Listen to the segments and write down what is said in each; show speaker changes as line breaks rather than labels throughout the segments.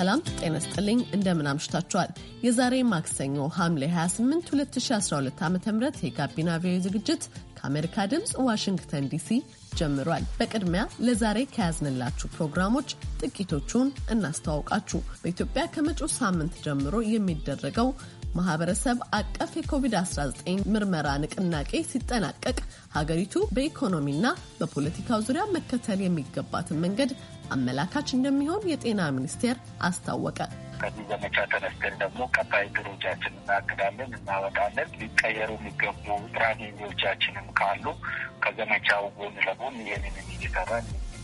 ሰላም ጤና ስጥልኝ፣ እንደምን አምሽታችኋል። የዛሬ ማክሰኞ ሐምሌ 28 2012 ዓ ም የጋቢና ቪኦኤ ዝግጅት ከአሜሪካ ድምፅ ዋሽንግተን ዲሲ ጀምሯል። በቅድሚያ ለዛሬ ከያዝንላችሁ ፕሮግራሞች ጥቂቶቹን እናስተዋውቃችሁ። በኢትዮጵያ ከመጪው ሳምንት ጀምሮ የሚደረገው ማህበረሰብ አቀፍ የኮቪድ-19 ምርመራ ንቅናቄ ሲጠናቀቅ ሀገሪቱ በኢኮኖሚና በፖለቲካው ዙሪያ መከተል የሚገባትን መንገድ አመላካች እንደሚሆን የጤና ሚኒስቴር አስታወቀ።
ከዚህ ዘመቻ ተነስተን ደግሞ ቀጣይ ድሮቻችን እናግዳለን፣ እናወጣለን። ሊቀየሩ የሚገቡ ስትራቴጂዎቻችንም ካሉ ከዘመቻው ጎን ለጎን ይህንን እየሰራ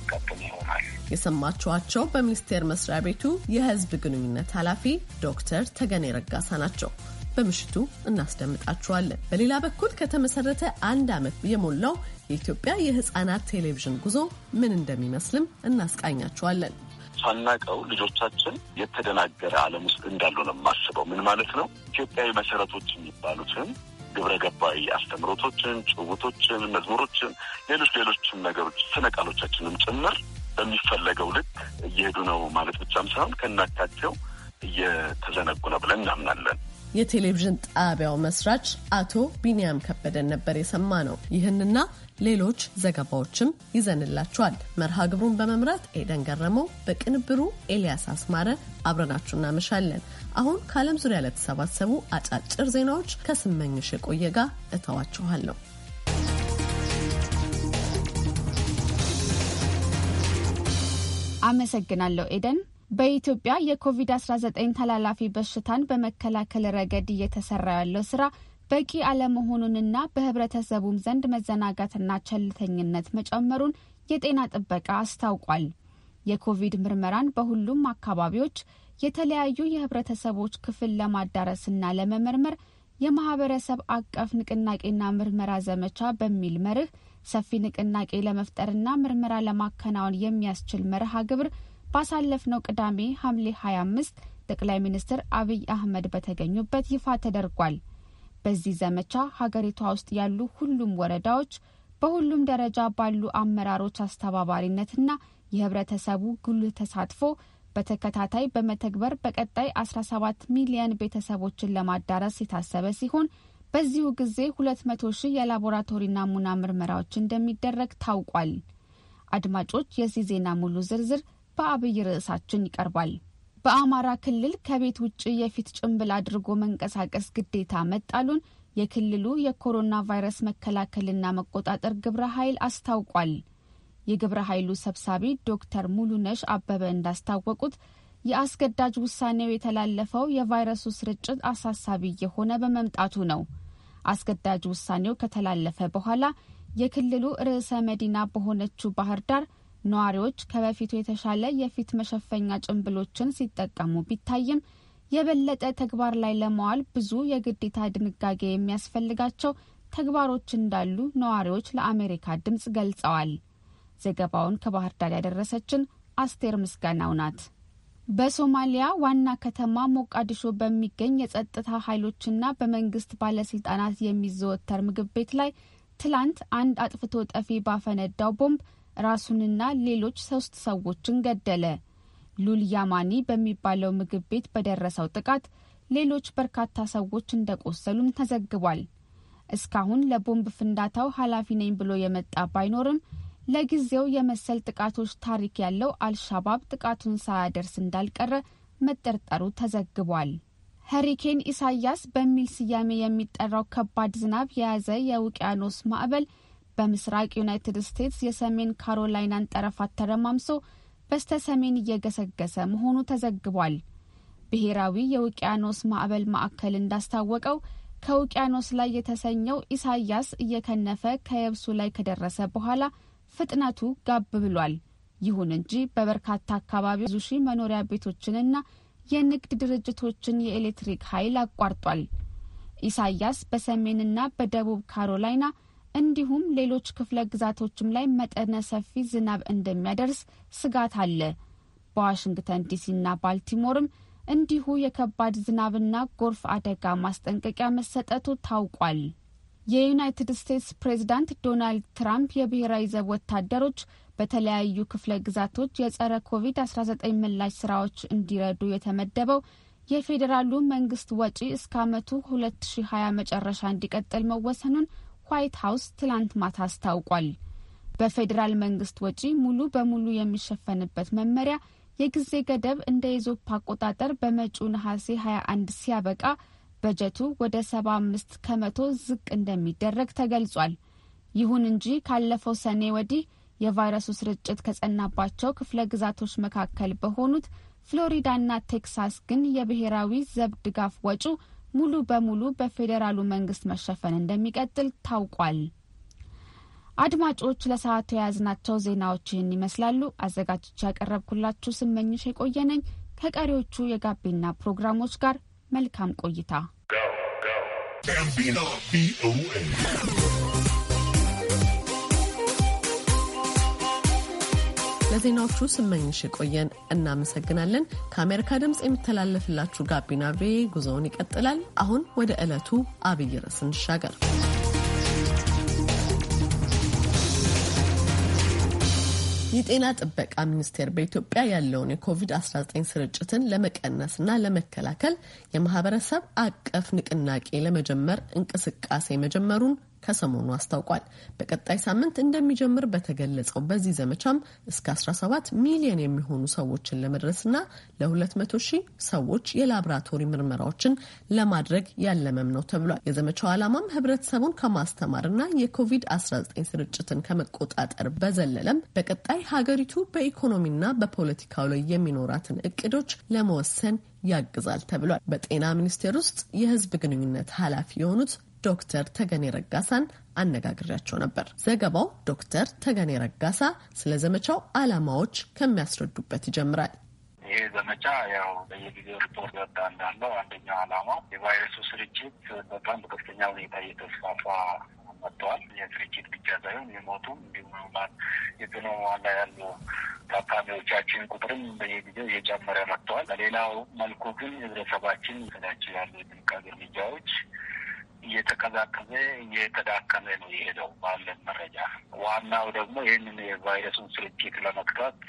የሚቀጥል
ይሆናል። የሰማችኋቸው በሚኒስቴር መስሪያ ቤቱ የህዝብ ግንኙነት ኃላፊ ዶክተር ተገኔ ረጋሳ ናቸው። በምሽቱ እናስደምጣችኋለን። በሌላ በኩል ከተመሰረተ አንድ ዓመት የሞላው የኢትዮጵያ የህፃናት ቴሌቪዥን ጉዞ ምን እንደሚመስልም እናስቃኛችኋለን።
ሳናቀው ልጆቻችን
የተደናገረ ዓለም ውስጥ እንዳሉ ነው የማስበው። ምን ማለት ነው? ኢትዮጵያዊ መሰረቶች የሚባሉትን ግብረ ገባዊ አስተምሮቶችን፣ ጭውቶችን፣ መዝሙሮችን፣ ሌሎች ሌሎችም ነገሮች ስነ ቃሎቻችንም ጭምር በሚፈለገው ልክ እየሄዱ ነው ማለት ብቻም ሳይሆን ከናካቴው እየተዘነጉ ነው ብለን እናምናለን።
የቴሌቪዥን ጣቢያው መስራች አቶ ቢንያም ከበደን ነበር የሰማ ነው። ይህንና ሌሎች ዘገባዎችም ይዘንላችኋል። መርሃ ግብሩን በመምራት ኤደን ገረመው፣ በቅንብሩ ኤልያስ አስማረ አብረናችሁ እናመሻለን። አሁን ከዓለም ዙሪያ ለተሰባሰቡ አጫጭር ዜናዎች
ከስመኝሽ የቆየ ጋር እተዋችኋለሁ። አመሰግናለሁ ኤደን። በኢትዮጵያ የኮቪድ-19 ተላላፊ በሽታን በመከላከል ረገድ እየተሰራ ያለው ስራ በቂ አለመሆኑንና በህብረተሰቡም ዘንድ መዘናጋትና ቸልተኝነት መጨመሩን የጤና ጥበቃ አስታውቋል። የኮቪድ ምርመራን በሁሉም አካባቢዎች የተለያዩ የህብረተሰቦች ክፍል ለማዳረስና ለመመርመር የማህበረሰብ አቀፍ ንቅናቄና ምርመራ ዘመቻ በሚል መርህ ሰፊ ንቅናቄ ለመፍጠርና ምርመራ ለማከናወን የሚያስችል መርሃ ግብር ባሳለፍነው ቅዳሜ ሐምሌ 25 ጠቅላይ ሚኒስትር አብይ አህመድ በተገኙበት ይፋ ተደርጓል። በዚህ ዘመቻ ሀገሪቷ ውስጥ ያሉ ሁሉም ወረዳዎች በሁሉም ደረጃ ባሉ አመራሮች አስተባባሪነትና የህብረተሰቡ ጉልህ ተሳትፎ በተከታታይ በመተግበር በቀጣይ 17 ሚሊየን ቤተሰቦችን ለማዳረስ የታሰበ ሲሆን በዚሁ ጊዜ 200 ሺህ የላቦራቶሪ ናሙና ምርመራዎች እንደሚደረግ ታውቋል። አድማጮች፣ የዚህ ዜና ሙሉ ዝርዝር በአብይ ርዕሳችን ይቀርባል። በአማራ ክልል ከቤት ውጭ የፊት ጭንብል አድርጎ መንቀሳቀስ ግዴታ መጣሉን የክልሉ የኮሮና ቫይረስ መከላከልና መቆጣጠር ግብረ ኃይል አስታውቋል። የግብረ ኃይሉ ሰብሳቢ ዶክተር ሙሉነሽ አበበ እንዳስታወቁት የአስገዳጅ ውሳኔው የተላለፈው የቫይረሱ ስርጭት አሳሳቢ የሆነ በመምጣቱ ነው። አስገዳጅ ውሳኔው ከተላለፈ በኋላ የክልሉ ርዕሰ መዲና በሆነችው ባህር ዳር ነዋሪዎች ከበፊቱ የተሻለ የፊት መሸፈኛ ጭንብሎችን ሲጠቀሙ ቢታይም የበለጠ ተግባር ላይ ለመዋል ብዙ የግዴታ ድንጋጌ የሚያስፈልጋቸው ተግባሮች እንዳሉ ነዋሪዎች ለአሜሪካ ድምፅ ገልጸዋል። ዘገባውን ከባህር ዳር ያደረሰችን አስቴር ምስጋናው ናት። በሶማሊያ ዋና ከተማ ሞቃዲሾ በሚገኝ የጸጥታ ኃይሎችና በመንግስት ባለስልጣናት የሚዘወተር ምግብ ቤት ላይ ትላንት አንድ አጥፍቶ ጠፊ ባፈነዳው ቦምብ ራሱንና ሌሎች ሶስት ሰዎችን ገደለ። ሉል ያማኒ በሚባለው ምግብ ቤት በደረሰው ጥቃት ሌሎች በርካታ ሰዎች እንደቆሰሉም ተዘግቧል። እስካሁን ለቦምብ ፍንዳታው ኃላፊ ነኝ ብሎ የመጣ ባይኖርም ለጊዜው የመሰል ጥቃቶች ታሪክ ያለው አልሻባብ ጥቃቱን ሳያደርስ እንዳልቀረ መጠርጠሩ ተዘግቧል። ሀሪኬን ኢሳያስ በሚል ስያሜ የሚጠራው ከባድ ዝናብ የያዘ የውቅያኖስ ማዕበል በምስራቅ ዩናይትድ ስቴትስ የሰሜን ካሮላይናን ጠረፋት ተረማምሶ በስተ ሰሜን እየገሰገሰ መሆኑ ተዘግቧል። ብሔራዊ የውቅያኖስ ማዕበል ማዕከል እንዳስታወቀው ከውቅያኖስ ላይ የተሰኘው ኢሳያስ እየከነፈ ከየብሱ ላይ ከደረሰ በኋላ ፍጥነቱ ጋብ ብሏል። ይሁን እንጂ በበርካታ አካባቢ ብዙ ሺህ መኖሪያ ቤቶችንና የንግድ ድርጅቶችን የኤሌክትሪክ ኃይል አቋርጧል። ኢሳያስ በሰሜንና በደቡብ ካሮላይና እንዲሁም ሌሎች ክፍለ ግዛቶችም ላይ መጠነ ሰፊ ዝናብ እንደሚያደርስ ስጋት አለ። በዋሽንግተን ዲሲና ባልቲሞርም እንዲሁ የከባድ ዝናብና ጎርፍ አደጋ ማስጠንቀቂያ መሰጠቱ ታውቋል። የዩናይትድ ስቴትስ ፕሬዝዳንት ዶናልድ ትራምፕ የብሔራዊ ዘብ ወታደሮች በተለያዩ ክፍለ ግዛቶች የጸረ ኮቪድ-19 ምላሽ ስራዎች እንዲረዱ የተመደበው የፌዴራሉ መንግስት ወጪ እስከ አመቱ 2020 መጨረሻ እንዲቀጥል መወሰኑን ዋይት ሀውስ ትላንት ማታ አስታውቋል። በፌዴራል መንግስት ወጪ ሙሉ በሙሉ የሚሸፈንበት መመሪያ የጊዜ ገደብ እንደ ኢዞፕ አቆጣጠር በመጪው ነሐሴ 21 ሲያበቃ በጀቱ ወደ 75 ከመቶ ዝቅ እንደሚደረግ ተገልጿል። ይሁን እንጂ ካለፈው ሰኔ ወዲህ የቫይረሱ ስርጭት ከጸናባቸው ክፍለ ግዛቶች መካከል በሆኑት ፍሎሪዳና ቴክሳስ ግን የብሔራዊ ዘብ ድጋፍ ወጪው ሙሉ በሙሉ በፌዴራሉ መንግስት መሸፈን እንደሚቀጥል ታውቋል። አድማጮች ለሰዓቱ የያዝናቸው ዜናዎች ይህን ይመስላሉ። አዘጋጅቼ ያቀረብኩላችሁ ስመኝሽ የቆየነኝ ከቀሪዎቹ የጋቢና ፕሮግራሞች ጋር መልካም ቆይታ።
ለዜናዎቹ ስመኝሽ የቆየን እናመሰግናለን። ከአሜሪካ ድምፅ የሚተላለፍላችሁ ጋቢና ቪ ጉዞውን ይቀጥላል። አሁን ወደ ዕለቱ አብይ ርዕስ እንሻገር። የጤና ጥበቃ ሚኒስቴር በኢትዮጵያ ያለውን የኮቪድ-19 ስርጭትን ለመቀነስና ለመከላከል የማህበረሰብ አቀፍ ንቅናቄ ለመጀመር እንቅስቃሴ መጀመሩን ከሰሞኑ አስታውቋል። በቀጣይ ሳምንት እንደሚጀምር በተገለጸው በዚህ ዘመቻም እስከ 17 ሚሊዮን የሚሆኑ ሰዎችን ለመድረስና ለ200 ሺህ ሰዎች የላብራቶሪ ምርመራዎችን ለማድረግ ያለመም ነው ተብሏል። የዘመቻው ዓላማም ህብረተሰቡን ከማስተማርና የኮቪድ-19 ስርጭትን ከመቆጣጠር በዘለለም በቀጣይ ሀገሪቱ በኢኮኖሚና በፖለቲካው ላይ የሚኖራትን እቅዶች ለመወሰን ያግዛል ተብሏል። በጤና ሚኒስቴር ውስጥ የህዝብ ግንኙነት ኃላፊ የሆኑት ዶክተር ተገኔ ረጋሳን አነጋግሬያቸው ነበር። ዘገባው ዶክተር ተገኔ ረጋሳ ስለ ዘመቻው ዓላማዎች ከሚያስረዱበት ይጀምራል።
ይሄ ዘመቻ ያው በየጊዜው ሪፖርት ወጣ እንዳለው አንደኛው ዓላማው የቫይረሱ ስርጭት በጣም በከፍተኛ ሁኔታ እየተስፋፋ መጥተዋል። የስርጭት ብቻ ሳይሆን የሞቱም እንዲሁም የጤና ዋላ ያሉ ታካሚዎቻችን ቁጥርም በየጊዜው እየጨመረ መጥተዋል። በሌላው መልኩ ግን ህብረተሰባችን ስላቸው ያሉ የጥንቃቄ እርምጃዎች እየተቀዛቀዘ እየተዳከመ ነው የሄደው ባለን መረጃ። ዋናው ደግሞ ይህንን የቫይረሱን ስርጭት ለመግታት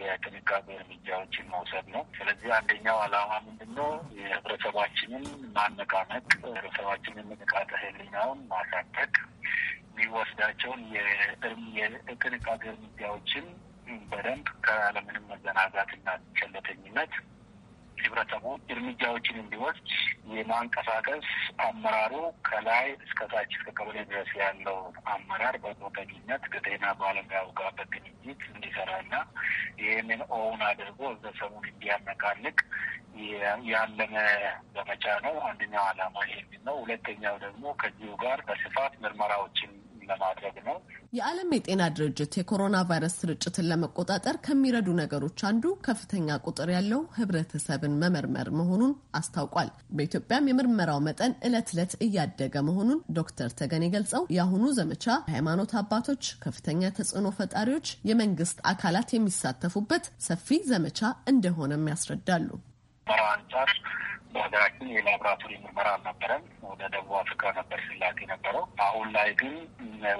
የጥንቃቄ እርምጃዎችን መውሰድ ነው። ስለዚህ አንደኛው ዓላማ ምንድነው? የህብረተሰባችንን ማነቃነቅ፣ ህብረተሰባችንን ንቃተ ህሊናውን ማሳደግ፣ የሚወስዳቸውን የጥንቃቄ እርምጃዎችን በደንብ ከለምንም መዘናጋትና ቸለተኝነት ህብረተሰቡ እርምጃዎችን እንዲወስድ የማንቀሳቀስ አመራሩ ከላይ እስከ ታች እስከ ቀበሌ ድረስ ያለው አመራር በጎጠኝነት ከጤና ባለሙያው ጋር በግንኙነት እንዲሰራና ይህንን ኦውን አድርጎ ህብረተሰቡን እንዲያነቃልቅ ያለመ ዘመቻ ነው። አንደኛው ዓላማ ይሄ ነው።
ሁለተኛው ደግሞ ከዚሁ ጋር በስፋት ምርመራዎችን ለማድረግ ነው። የዓለም የጤና ድርጅት የኮሮና ቫይረስ ስርጭትን ለመቆጣጠር ከሚረዱ ነገሮች አንዱ ከፍተኛ ቁጥር ያለው ህብረተሰብን መመርመር መሆኑን አስታውቋል። በኢትዮጵያም የምርመራው መጠን እለት ዕለት እያደገ መሆኑን ዶክተር ተገኔ ገልጸው የአሁኑ ዘመቻ ሃይማኖት አባቶች፣ ከፍተኛ ተጽዕኖ ፈጣሪዎች፣ የመንግስት አካላት የሚሳተፉበት ሰፊ ዘመቻ እንደሆነም ያስረዳሉ።
በሀገራችን የላብራቶሪ ምርመራ አልነበረም። ወደ ደቡብ አፍሪካ ነበር ስላክ የነበረው። አሁን ላይ ግን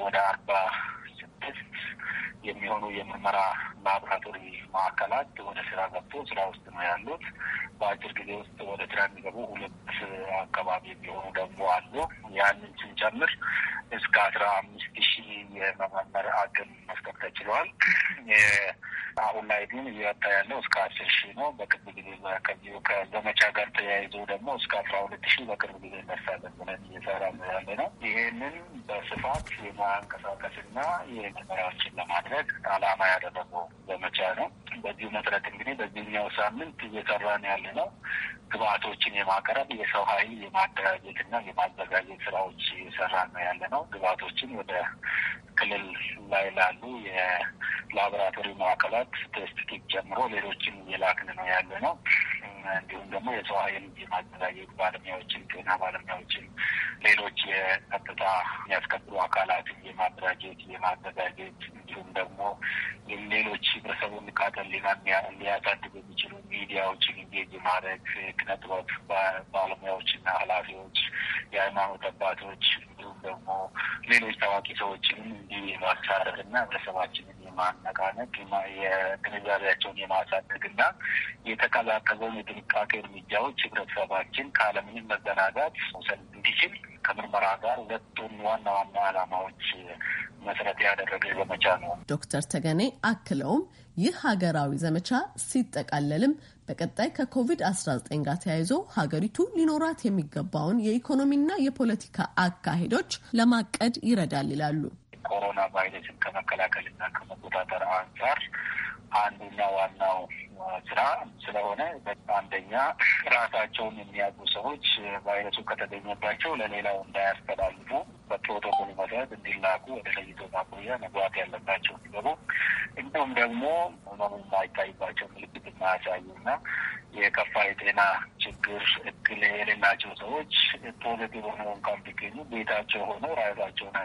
ወደ አርባ ስድስት የሚሆኑ የምርመራ ላብራቶሪ ማዕከላት ወደ ስራ ገብቶ ስራ ውስጥ ነው ያሉት። በአጭር ጊዜ ውስጥ ወደ ስራ የሚገቡ ሁለት አካባቢ የሚሆኑ ደግሞ አሉ። ያንን ስንጨምር እስከ አስራ አምስት ሺህ የመመርመር አቅም መስጠት ተችሏል። አሁን ላይ ግን እየወጣ ያለው እስከ አስር ሺህ ነው። በቅርብ ጊዜ ከዚሁ ከዘመቻ ጋር ተያይዞ ደግሞ እስከ አስራ ሁለት ሺህ በቅርብ ጊዜ ይነሳለን ብለን እየሰራ ነው ያለ ነው። ይህንን በስፋት የማንቀሳቀስና የመመሪያዎችን ለማድረግ አላማ ያደረገው ዘመቻ ነው። በዚሁ መሰረት እንግዲህ በዚህኛው ሳምንት እየሰራን ያለ ነው ግብአቶችን የማቅረብ የሰው ኃይል የማደራጀትና የማዘጋጀት ስራዎች እየሰራ ነው ያለ ነው። ግብአቶችን ወደ ክልል ላይ ላሉ የላቦራቶሪ ማዕከላት ቴስት ኪት ጨምሮ ሌሎችን እየላክን ነው ያለ ነው። እንዲሁም ደግሞ የሰው ኃይል የማዘጋጀት ባለሙያዎችን፣ ጤና ባለሙያዎችን፣ ሌሎች የጸጥታ የሚያስከብሩ አካላትን የማደራጀት የማዘጋጀት እንደዚሁም ደግሞ ሌሎች ህብረተሰቡን ንቃተ ህሊና ሊያሳድጉ የሚችሉ ሚዲያዎችን እንጌጅ ማድረግ ክነጥበብ ባለሙያዎች እና ኃላፊዎች፣ የሃይማኖት አባቶች እንዲሁም ደግሞ ሌሎች ታዋቂ ሰዎችንም እንዲህ የማሳረፍ እና ህብረተሰባችንን የማነቃነቅ የግንዛቤያቸውን የማሳደግ እና የተቀላቀለውን የጥንቃቄ እርምጃዎች ህብረተሰባችን ካለምንም መዘናጋት መውሰድ እንዲችል ከምርመራ ጋር ሁለቱን ዋና ዋና ዓላማዎች መሰረት ያደረገ ዘመቻ ነው።
ዶክተር ተገኔ አክለውም ይህ ሀገራዊ ዘመቻ ሲጠቃለልም በቀጣይ ከኮቪድ-19 ጋር ተያይዞ ሀገሪቱ ሊኖራት የሚገባውን የኢኮኖሚና የፖለቲካ አካሄዶች ለማቀድ ይረዳል ይላሉ።
ኮሮና ቫይረስን ከመከላከልና ከመቆጣጠር አንጻር አንዱና ዋናው ስራ ስለሆነ አንደኛ ራሳቸውን የሚያውቁ ሰዎች ቫይረሱ ከተገኘባቸው ለሌላው እንዳያስተላልፉ በፕሮቶኮል መሰረት እንዲላኩ ወደ ለይቶ ማቆያ መግባት ያለባቸው እንዲገቡ፣ እንዲሁም ደግሞ ህመሙ የማይታይባቸው ምልክት የማያሳዩ እና የከፋ የጤና ችግር እክል የሌላቸው ሰዎች ፖዘቲቭ ሆነው እንኳን ቢገኙ ቤታቸው ሆኖ ራሳቸውን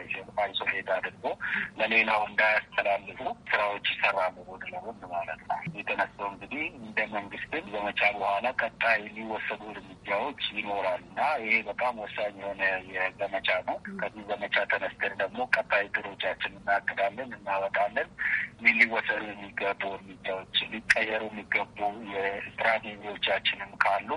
አይሶሌት አድርጎ ለሌላው እንዳያስተላልፉ ስራዎች ይሰራ መሆን ለሆን ማለት ነው የተነሳውን እንግዲህ እንደ መንግስትም ዘመቻ በኋላ ቀጣይ ሊወሰዱ እርምጃዎች ይኖራል እና ይሄ በጣም ወሳኝ የሆነ የዘመቻ ነው። ከዚህ ዘመቻ ተነስተን ደግሞ ቀጣይ ድሮቻችን እናቅዳለን፣ እናወጣለን። ሊወሰዱ የሚገቡ እርምጃዎች፣ ሊቀየሩ የሚገቡ የስትራቴጂዎቻችንም ካሉ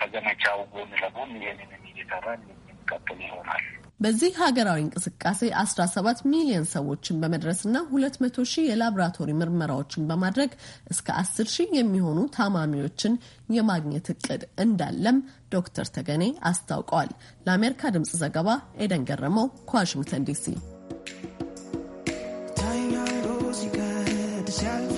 ከዘመቻው ጎን ለጎን ይህንንም እየሰራን የሚቀጥል ይሆናል።
በዚህ ሀገራዊ እንቅስቃሴ 17 ሚሊዮን ሰዎችን በመድረስና 200 ሺህ የላብራቶሪ ምርመራዎችን በማድረግ እስከ 10 ሺህ የሚሆኑ ታማሚዎችን የማግኘት እቅድ እንዳለም ዶክተር ተገኔ አስታውቀዋል። ለአሜሪካ ድምፅ ዘገባ ኤደን ገረመው ከዋሽንግተን ዲሲ። ሲያልፍ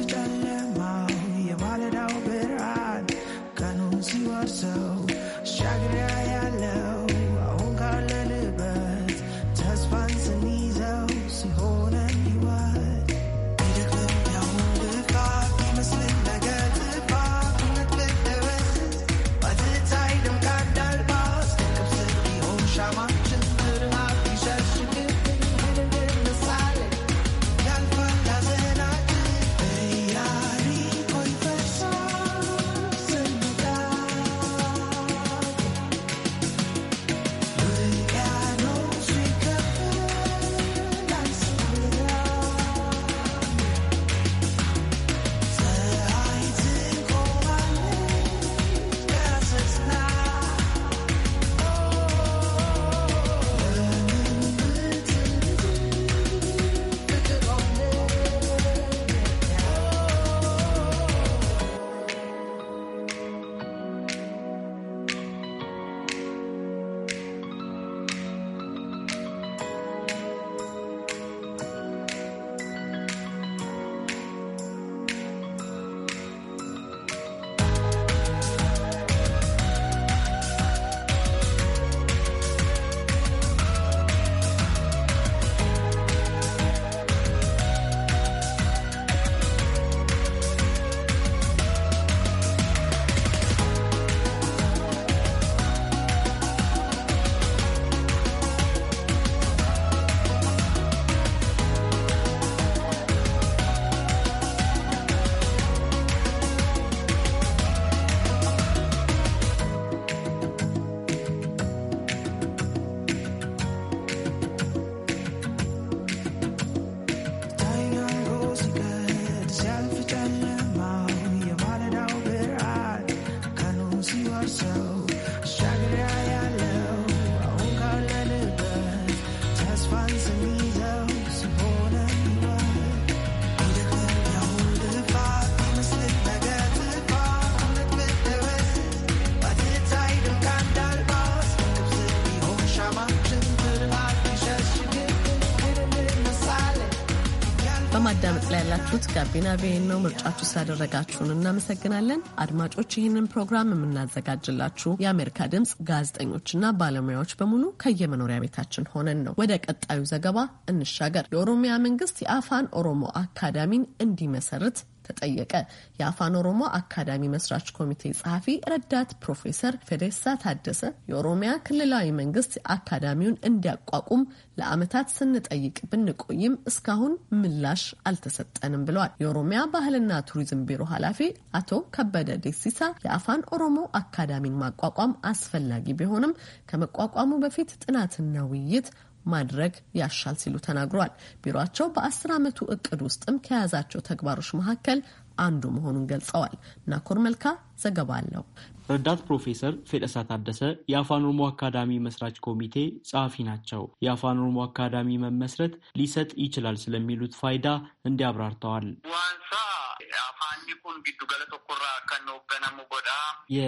ጋቢና ቪኦኤ ነው። ምርጫችሁ ስላደረጋችሁን እናመሰግናለን። አድማጮች፣ ይህንን ፕሮግራም የምናዘጋጅላችሁ የአሜሪካ ድምፅ ጋዜጠኞችና ባለሙያዎች በሙሉ ከየመኖሪያ ቤታችን ሆነን ነው። ወደ ቀጣዩ ዘገባ እንሻገር። የኦሮሚያ መንግስት የአፋን ኦሮሞ አካዳሚን እንዲመሰርት ተጠየቀ። የአፋን ኦሮሞ አካዳሚ መስራች ኮሚቴ ጸሐፊ ረዳት ፕሮፌሰር ፌዴሳ ታደሰ የኦሮሚያ ክልላዊ መንግስት አካዳሚውን እንዲያቋቁም ለአመታት ስንጠይቅ ብንቆይም እስካሁን ምላሽ አልተሰጠንም ብለዋል። የኦሮሚያ ባህልና ቱሪዝም ቢሮ ኃላፊ አቶ ከበደ ደሲሳ የአፋን ኦሮሞ አካዳሚን ማቋቋም አስፈላጊ ቢሆንም ከመቋቋሙ በፊት ጥናትና ውይይት ማድረግ ያሻል ሲሉ ተናግሯል። ቢሮቸው በአስር ዓመቱ እቅድ ውስጥም ከያዛቸው ተግባሮች መካከል አንዱ መሆኑን ገልጸዋል። ናኮር መልካ ዘገባ አለው።
ረዳት ፕሮፌሰር ፌደሳ ታደሰ የአፋን ኦሮሞ አካዳሚ መስራች ኮሚቴ ጸሐፊ ናቸው። የአፋን ኦሮሞ አካዳሚ መመስረት ሊሰጥ ይችላል ስለሚሉት ፋይዳ እንዲህ አብራርተዋል።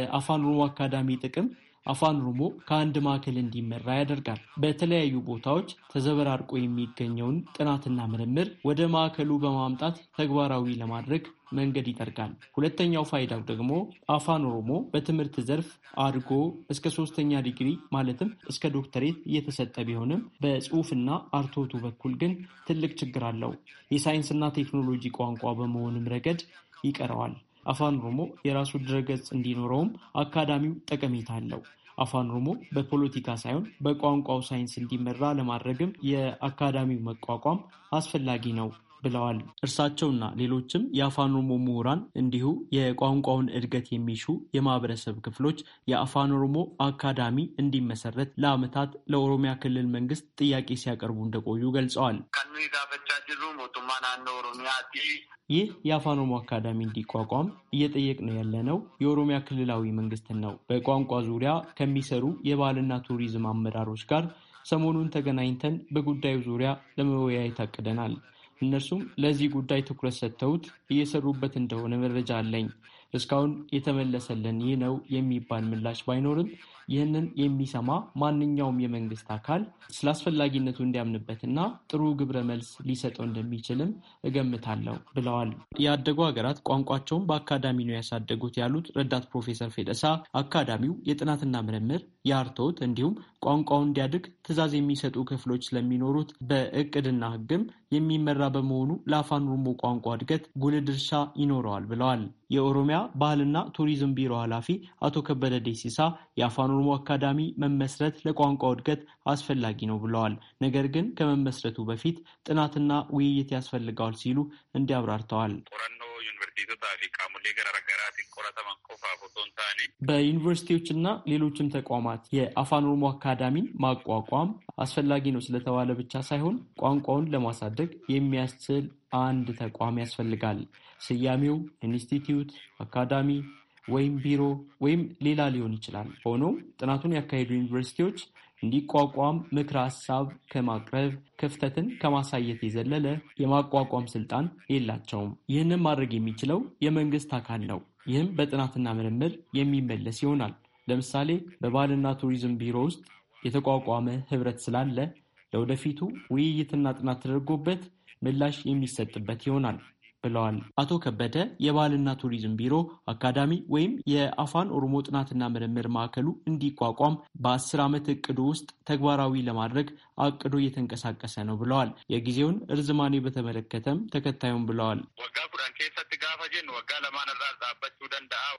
የአፋን ኦሮሞ አካዳሚ ጥቅም አፋን ኦሮሞ ከአንድ ማዕከል እንዲመራ ያደርጋል። በተለያዩ ቦታዎች ተዘበራርቆ የሚገኘውን ጥናትና ምርምር ወደ ማዕከሉ በማምጣት ተግባራዊ ለማድረግ መንገድ ይጠርጋል። ሁለተኛው ፋይዳው ደግሞ አፋን ኦሮሞ በትምህርት ዘርፍ አድጎ እስከ ሶስተኛ ዲግሪ ማለትም እስከ ዶክተሬት እየተሰጠ ቢሆንም በጽሁፍና አርቶቱ በኩል ግን ትልቅ ችግር አለው። የሳይንስና ቴክኖሎጂ ቋንቋ በመሆንም ረገድ ይቀረዋል። አፋን ኦሮሞ የራሱ ድረገጽ እንዲኖረውም አካዳሚው ጠቀሜታ አለው። አፋን ኦሮሞ በፖለቲካ ሳይሆን በቋንቋው ሳይንስ እንዲመራ ለማድረግም የአካዳሚው መቋቋም አስፈላጊ ነው ብለዋል። እርሳቸውና ሌሎችም የአፋን ኦሮሞ ምሁራን እንዲሁ የቋንቋውን እድገት የሚሹ የማህበረሰብ ክፍሎች የአፋን ኦሮሞ አካዳሚ እንዲመሰረት ለዓመታት ለኦሮሚያ ክልል መንግስት ጥያቄ ሲያቀርቡ እንደቆዩ ገልጸዋል። ይህ የአፋን ኦሮሞ አካዳሚ እንዲቋቋም እየጠየቅን ያለነው የኦሮሚያ ክልላዊ መንግስትን ነው። በቋንቋ ዙሪያ ከሚሰሩ የባህልና ቱሪዝም አመራሮች ጋር ሰሞኑን ተገናኝተን በጉዳዩ ዙሪያ ለመወያየት አቅደናል። እነርሱም ለዚህ ጉዳይ ትኩረት ሰጥተውት እየሰሩበት እንደሆነ መረጃ አለኝ። እስካሁን የተመለሰልን ይህ ነው የሚባል ምላሽ ባይኖርም ይህንን የሚሰማ ማንኛውም የመንግስት አካል ስለ አስፈላጊነቱ እንዲያምንበትና ጥሩ ግብረ መልስ ሊሰጠው እንደሚችልም እገምታለሁ ብለዋል። ያደጉ ሀገራት ቋንቋቸውን በአካዳሚ ነው ያሳደጉት ያሉት ረዳት ፕሮፌሰር ፌደሳ አካዳሚው የጥናትና ምርምር፣ የአርቶት እንዲሁም ቋንቋውን እንዲያድግ ትዕዛዝ የሚሰጡ ክፍሎች ስለሚኖሩት በእቅድና ህግም የሚመራ በመሆኑ ለአፋን ኦሮሞ ቋንቋ እድገት ጉልህ ድርሻ ይኖረዋል ብለዋል። የኦሮሚያ ባህልና ቱሪዝም ቢሮ ኃላፊ አቶ ከበደ ደሲሳ የአፋን ኦሮሞ አካዳሚ መመስረት ለቋንቋ እድገት አስፈላጊ ነው ብለዋል። ነገር ግን ከመመስረቱ በፊት ጥናትና ውይይት ያስፈልገዋል ሲሉ እንዲያብራርተዋል። በዩኒቨርሲቲዎችና ሌሎችም ተቋማት የአፋን ኦሮሞ አካዳሚን ማቋቋም አስፈላጊ ነው ስለተባለ ብቻ ሳይሆን ቋንቋውን ለማሳደግ የሚያስችል አንድ ተቋም ያስፈልጋል። ስያሜው ኢንስቲትዩት፣ አካዳሚ ወይም ቢሮ ወይም ሌላ ሊሆን ይችላል። ሆኖም ጥናቱን ያካሄዱ ዩኒቨርሲቲዎች እንዲቋቋም ምክር ሀሳብ ከማቅረብ ክፍተትን ከማሳየት የዘለለ የማቋቋም ስልጣን የላቸውም። ይህንን ማድረግ የሚችለው የመንግስት አካል ነው። ይህም በጥናትና ምርምር የሚመለስ ይሆናል። ለምሳሌ በባህልና ቱሪዝም ቢሮ ውስጥ የተቋቋመ ህብረት ስላለ ለወደፊቱ ውይይትና ጥናት ተደርጎበት ምላሽ የሚሰጥበት ይሆናል። ብለዋል። አቶ ከበደ የባህልና ቱሪዝም ቢሮ አካዳሚ ወይም የአፋን ኦሮሞ ጥናትና ምርምር ማዕከሉ እንዲቋቋም በአስር ዓመት እቅዱ ውስጥ ተግባራዊ ለማድረግ አቅዶ እየተንቀሳቀሰ ነው ብለዋል። የጊዜውን እርዝማኔ በተመለከተም ተከታዩም ብለዋል።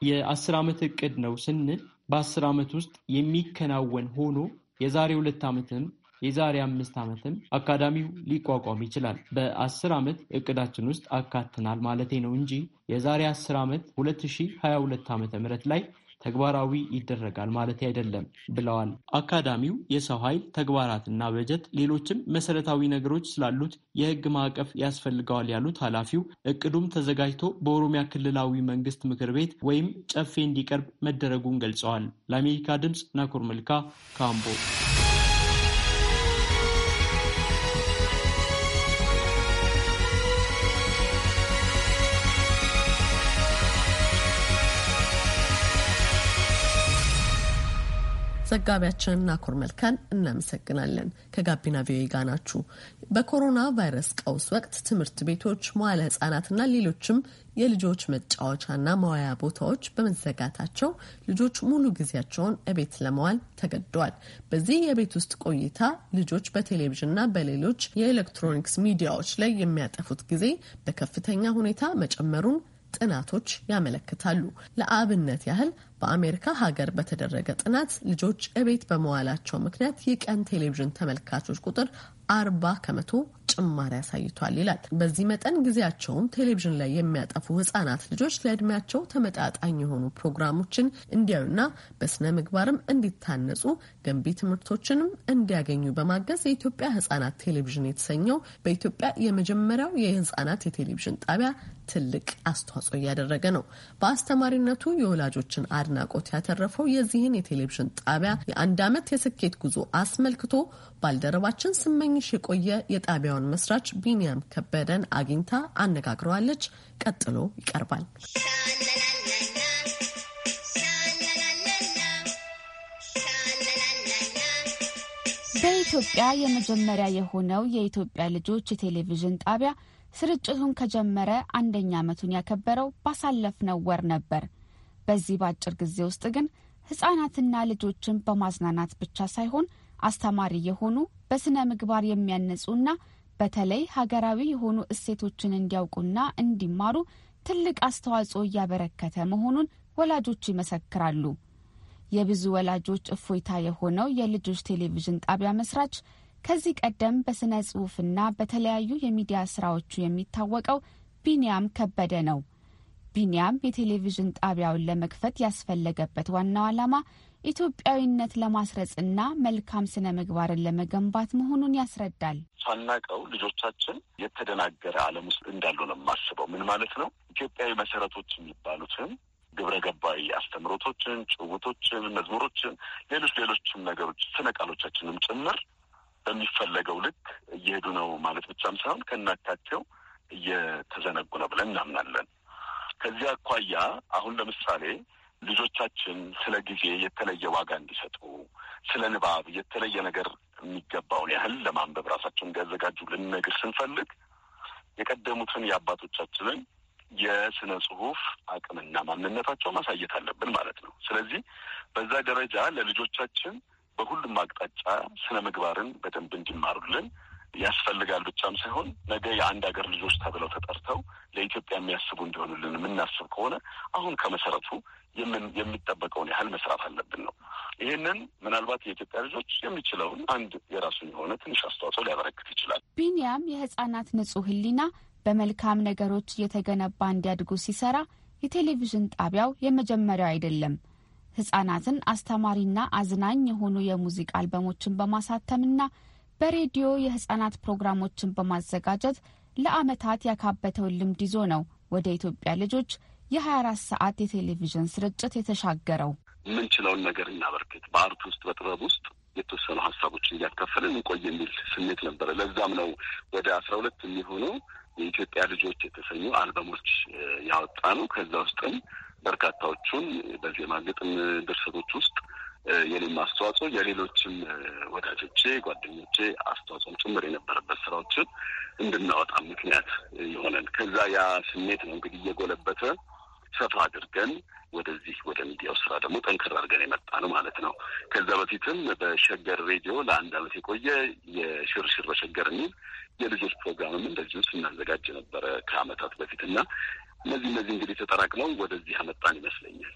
የአስር ዓመት እቅድ ነው ስንል በአስር ዓመት ውስጥ የሚከናወን ሆኖ የዛሬ ሁለት ዓመትም የዛሬ አምስት ዓመትም አካዳሚው ሊቋቋም ይችላል። በአስር ዓመት እቅዳችን ውስጥ አካትናል ማለቴ ነው እንጂ የዛሬ አስር ዓመት 2022 ዓ. ም ላይ ተግባራዊ ይደረጋል ማለት አይደለም ብለዋል። አካዳሚው የሰው ኃይል ተግባራትና በጀት፣ ሌሎችም መሰረታዊ ነገሮች ስላሉት የህግ ማዕቀፍ ያስፈልገዋል ያሉት ኃላፊው እቅዱም ተዘጋጅቶ በኦሮሚያ ክልላዊ መንግስት ምክር ቤት ወይም ጨፌ እንዲቀርብ መደረጉን ገልጸዋል። ለአሜሪካ ድምፅ ናኩር መልካ ካምቦ
ዘጋቢያችንን ናኮር መልካን እናመሰግናለን። ከጋቢና ቪኦኤ ጋር ናችሁ። በኮሮና ቫይረስ ቀውስ ወቅት ትምህርት ቤቶች፣ መዋለ ህጻናትና ሌሎችም የልጆች መጫወቻና መዋያ ቦታዎች በመዘጋታቸው ልጆች ሙሉ ጊዜያቸውን እቤት ለመዋል ተገደዋል። በዚህ የቤት ውስጥ ቆይታ ልጆች በቴሌቪዥንና በሌሎች የኤሌክትሮኒክስ ሚዲያዎች ላይ የሚያጠፉት ጊዜ በከፍተኛ ሁኔታ መጨመሩን ጥናቶች ያመለክታሉ። ለአብነት ያህል በአሜሪካ ሀገር በተደረገ ጥናት ልጆች እቤት በመዋላቸው ምክንያት የቀን ቴሌቪዥን ተመልካቾች ቁጥር አርባ ከመቶ ጭማሪ አሳይቷል ይላል። በዚህ መጠን ጊዜያቸውን ቴሌቪዥን ላይ የሚያጠፉ ህጻናት ልጆች ለእድሜያቸው ተመጣጣኝ የሆኑ ፕሮግራሞችን እንዲያዩና በስነ ምግባርም እንዲታነጹ ገንቢ ትምህርቶችንም እንዲያገኙ በማገዝ የኢትዮጵያ ህጻናት ቴሌቪዥን የተሰኘው በኢትዮጵያ የመጀመሪያው የህጻናት የቴሌቪዥን ጣቢያ ትልቅ አስተዋጽኦ እያደረገ ነው። በአስተማሪነቱ የወላጆችን አድ አድናቆት ያተረፈው የዚህን የቴሌቪዥን ጣቢያ የአንድ ዓመት የስኬት ጉዞ አስመልክቶ ባልደረባችን ስመኝሽ የቆየ የጣቢያውን መስራች ቢኒያም ከበደን አግኝታ አነጋግረዋለች። ቀጥሎ ይቀርባል።
በኢትዮጵያ የመጀመሪያ የሆነው የኢትዮጵያ ልጆች የቴሌቪዥን ጣቢያ ስርጭቱን ከጀመረ አንደኛ ዓመቱን ያከበረው ባሳለፍነው ወር ነበር። በዚህ በአጭር ጊዜ ውስጥ ግን ህጻናትና ልጆችን በማዝናናት ብቻ ሳይሆን አስተማሪ የሆኑ በስነ ምግባር የሚያነጹና በተለይ ሀገራዊ የሆኑ እሴቶችን እንዲያውቁና እንዲማሩ ትልቅ አስተዋጽኦ እያበረከተ መሆኑን ወላጆች ይመሰክራሉ። የብዙ ወላጆች እፎይታ የሆነው የልጆች ቴሌቪዥን ጣቢያ መስራች ከዚህ ቀደም በስነ ጽሑፍና በተለያዩ የሚዲያ ስራዎቹ የሚታወቀው ቢንያም ከበደ ነው። ቢኒያም የቴሌቪዥን ጣቢያውን ለመክፈት ያስፈለገበት ዋናው ዓላማ ኢትዮጵያዊነት ለማስረጽና መልካም ስነ ምግባርን ለመገንባት መሆኑን ያስረዳል። ሳናቀው ልጆቻችን የተደናገረ ዓለም ውስጥ እንዳሉ ነው የማስበው። ምን ማለት
ነው? ኢትዮጵያዊ መሰረቶች የሚባሉትን ግብረ ገባዊ አስተምሮቶችን፣
ጭውቶችን፣ መዝሙሮችን፣ ሌሎች ሌሎችም ነገሮች ስነ ቃሎቻችንም ጭምር በሚፈለገው ልክ እየሄዱ ነው ማለት ብቻም ሳይሆን ከናካቴው እየተዘነጉ ነው ብለን እናምናለን። ከዚህ አኳያ አሁን ለምሳሌ ልጆቻችን ስለ ጊዜ የተለየ ዋጋ እንዲሰጡ፣ ስለ ንባብ የተለየ ነገር የሚገባውን ያህል ለማንበብ ራሳቸውን እንዲያዘጋጁ ልንነግር ስንፈልግ የቀደሙትን የአባቶቻችንን የስነ ጽሁፍ አቅምና ማንነታቸው ማሳየት አለብን ማለት ነው። ስለዚህ በዛ ደረጃ ለልጆቻችን በሁሉም አቅጣጫ ስነ ምግባርን በደንብ እንዲማሩልን ያስፈልጋል ብቻም ሳይሆን ነገ የአንድ ሀገር ልጆች ተብለው ተጠርተው ለኢትዮጵያ የሚያስቡ እንዲሆኑልን የምናስብ ከሆነ አሁን ከመሰረቱ የሚጠበቀውን ያህል መስራት አለብን ነው። ይህንን ምናልባት የኢትዮጵያ ልጆች የሚችለውን አንድ የራሱን የሆነ ትንሽ አስተዋጽኦ
ሊያበረክት ይችላል። ቢንያም የህጻናት ንጹህ ህሊና በመልካም ነገሮች እየተገነባ እንዲያድጉ ሲሰራ የቴሌቪዥን ጣቢያው የመጀመሪያው አይደለም። ህጻናትን አስተማሪና አዝናኝ የሆኑ የሙዚቃ አልበሞችን በማሳተምና በሬዲዮ የህጻናት ፕሮግራሞችን በማዘጋጀት ለአመታት ያካበተውን ልምድ ይዞ ነው ወደ ኢትዮጵያ ልጆች የ24 ሰዓት የቴሌቪዥን ስርጭት የተሻገረው።
የምንችለውን ነገር እናበርክት፣ በአርት ውስጥ በጥበብ ውስጥ የተወሰኑ ሀሳቦችን እያካፈልን እንቆይ የሚል ስሜት ነበረ። ለዛም ነው ወደ አስራ ሁለት የሚሆኑ የኢትዮጵያ ልጆች የተሰኙ አልበሞች ያወጣ ነው። ከዛ ውስጥም በርካታዎቹን በዜማ ግጥም ድርሰቶች ውስጥ የኔም አስተዋጽኦ የሌሎችም ወዳጆቼ፣ ጓደኞቼ አስተዋጽኦም ጭምር የነበረበት ስራዎችን እንድናወጣ ምክንያት የሆነን ከዛ ያ ስሜት ነው እንግዲህ እየጎለበተ ሰፋ አድርገን ወደዚህ ወደ ሚዲያው ስራ ደግሞ ጠንከር አድርገን የመጣ ነው ማለት ነው። ከዛ በፊትም በሸገር ሬዲዮ ለአንድ አመት የቆየ የሽርሽር በሸገር የሚል የልጆች ፕሮግራምም እንደዚሁ ስናዘጋጅ ነበረ ከአመታት በፊት እና እነዚህ እነዚህ እንግዲህ ተጠራቅመው ወደዚህ አመጣን ይመስለኛል።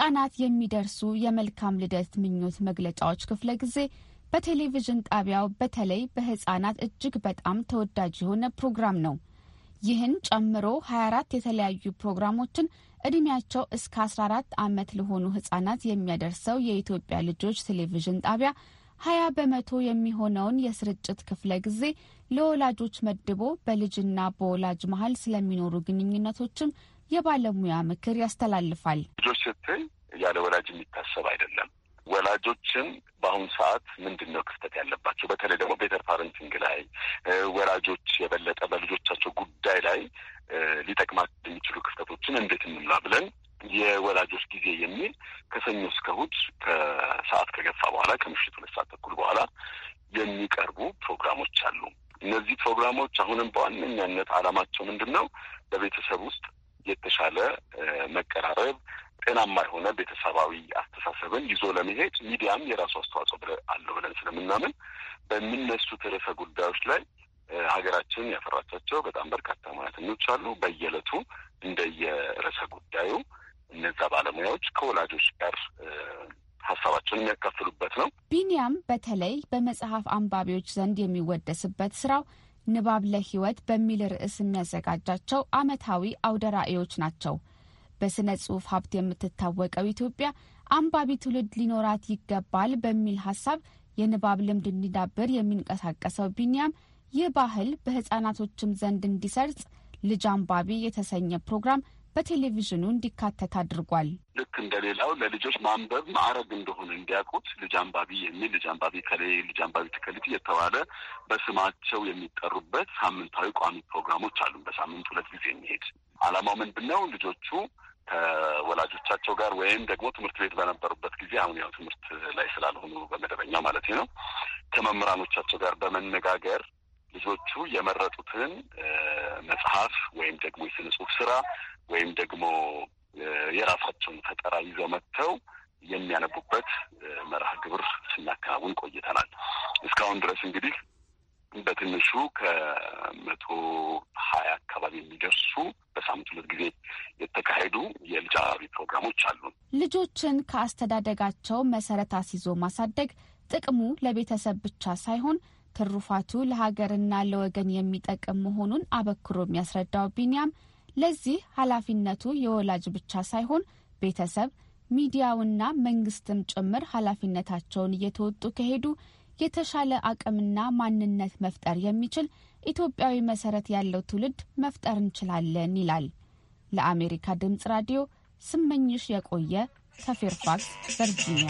ለሕፃናት የሚደርሱ የመልካም ልደት ምኞት መግለጫዎች ክፍለ ጊዜ በቴሌቪዥን ጣቢያው በተለይ በህጻናት እጅግ በጣም ተወዳጅ የሆነ ፕሮግራም ነው። ይህን ጨምሮ 24 የተለያዩ ፕሮግራሞችን ዕድሜያቸው እስከ 14 ዓመት ለሆኑ ህጻናት የሚያደርሰው የኢትዮጵያ ልጆች ቴሌቪዥን ጣቢያ 20 በመቶ የሚሆነውን የስርጭት ክፍለ ጊዜ ለወላጆች መድቦ በልጅና በወላጅ መሀል ስለሚኖሩ ግንኙነቶችም የባለሙያ ምክር ያስተላልፋል።
ልጆች ስትይ ያለ ወላጅ የሚታሰብ አይደለም። ወላጆችን በአሁኑ ሰዓት ምንድን ነው ክፍተት ያለባቸው? በተለይ ደግሞ ቤተር ፓረንቲንግ ላይ ወላጆች የበለጠ በልጆቻቸው ጉዳይ ላይ ሊጠቅማት የሚችሉ ክፍተቶችን እንዴት እንምላ ብለን የወላጆች ጊዜ የሚል ከሰኞ እስከ እሑድ ከሰዓት ከገፋ በኋላ ከምሽት ሁለት ሰዓት ተኩል በኋላ የሚቀርቡ ፕሮግራሞች አሉ። እነዚህ ፕሮግራሞች አሁንም በዋነኛነት ዓላማቸው ምንድን ነው? በቤተሰብ ውስጥ የተሻለ መቀራረብ ጤናማ የሆነ ቤተሰባዊ አስተሳሰብን ይዞ ለመሄድ ሚዲያም የራሱ አስተዋጽኦ አለው ብለን ስለምናምን በሚነሱት ርዕሰ ጉዳዮች ላይ ሀገራችን ያፈራቻቸው በጣም በርካታ ሙያተኞች አሉ። በየዕለቱ እንደየርዕሰ ጉዳዩ እነዛ ባለሙያዎች ከወላጆች ጋር ሀሳባቸውን የሚያካፍሉበት
ነው። ቢኒያም በተለይ በመጽሐፍ አንባቢዎች ዘንድ የሚወደስበት ስራው ንባብ ለህይወት በሚል ርዕስ የሚያዘጋጃቸው አመታዊ አውደ ራዕዮች ናቸው። በሥነ ጽሑፍ ሀብት የምትታወቀው ኢትዮጵያ አንባቢ ትውልድ ሊኖራት ይገባል በሚል ሀሳብ የንባብ ልምድ እንዲዳብር የሚንቀሳቀሰው ቢኒያም ይህ ባህል በሕፃናቶችም ዘንድ እንዲሰርጽ ልጅ አንባቢ የተሰኘ ፕሮግራም በቴሌቪዥኑ እንዲካተት አድርጓል።
ልክ እንደሌላው ለልጆች ማንበብ ማዕረግ እንደሆነ እንዲያውቁት ልጅ አንባቢ የሚል ልጅ አንባቢ ከሌ ልጅ አንባቢ ትከሊት እየተባለ በስማቸው የሚጠሩበት ሳምንታዊ ቋሚ ፕሮግራሞች አሉ። በሳምንት ሁለት ጊዜ የሚሄድ አላማው ምንድን ነው? ልጆቹ ከወላጆቻቸው ጋር ወይም ደግሞ ትምህርት ቤት በነበሩበት ጊዜ አሁን ያው ትምህርት ላይ ስላልሆኑ በመደበኛው ማለት ነው ከመምህራኖቻቸው ጋር በመነጋገር ልጆቹ የመረጡትን መጽሐፍ ወይም ደግሞ የስነ ጽሁፍ ስራ ወይም ደግሞ የራሳቸውን ፈጠራ ይዘው መጥተው የሚያነቡበት መርሃ ግብር ስናከናውን ቆይተናል። እስካሁን ድረስ እንግዲህ በትንሹ ከመቶ ሀያ አካባቢ የሚደርሱ በሳምንት ሁለት ጊዜ የተካሄዱ የልጅ አባቢ ፕሮግራሞች አሉ።
ልጆችን ከአስተዳደጋቸው መሰረት አስይዞ ማሳደግ ጥቅሙ ለቤተሰብ ብቻ ሳይሆን ትሩፋቱ ለሀገርና ለወገን የሚጠቅም መሆኑን አበክሮ የሚያስረዳው ቢኒያም ለዚህ ኃላፊነቱ የወላጅ ብቻ ሳይሆን ቤተሰብ፣ ሚዲያውና መንግስትም ጭምር ኃላፊነታቸውን እየተወጡ ከሄዱ የተሻለ አቅምና ማንነት መፍጠር የሚችል ኢትዮጵያዊ መሰረት ያለው ትውልድ መፍጠር እንችላለን ይላል። ለአሜሪካ ድምፅ ራዲዮ ስመኝሽ የቆየ ከፌርፋክስ ቨርጂኒያ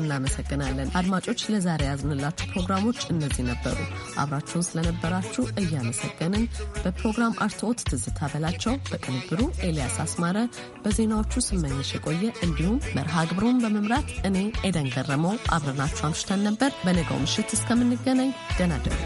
እናመሰግናለን። አድማጮች ለዛሬ ያዝንላችሁ ፕሮግራሞች እነዚህ ነበሩ። አብራችሁን ስለነበራችሁ እያመሰገንን በፕሮግራም አርትኦት ትዝታ በላቸው፣ በቅንብሩ ኤልያስ አስማረ፣ በዜናዎቹ ስመኝሽ የቆየ እንዲሁም መርሃ ግብሩን በመምራት እኔ ኤደን ገረመው አብረናችሁ አምሽተን ነበር። በነገው ምሽት እስከምንገናኝ ደናደሩ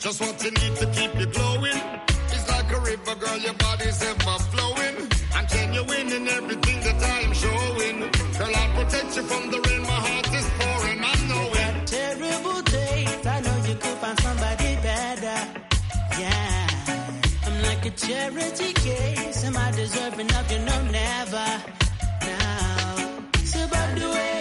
Just what you need to keep you glowing. It's like a river, girl, your
body's ever flowing. I'm genuine in everything that I am showing. Girl, I protect you from the rain. My heart is pouring, I That terrible I know you could find somebody better. Yeah, I'm like a charity case. Am I deserving of you? No, never. Now, about the way.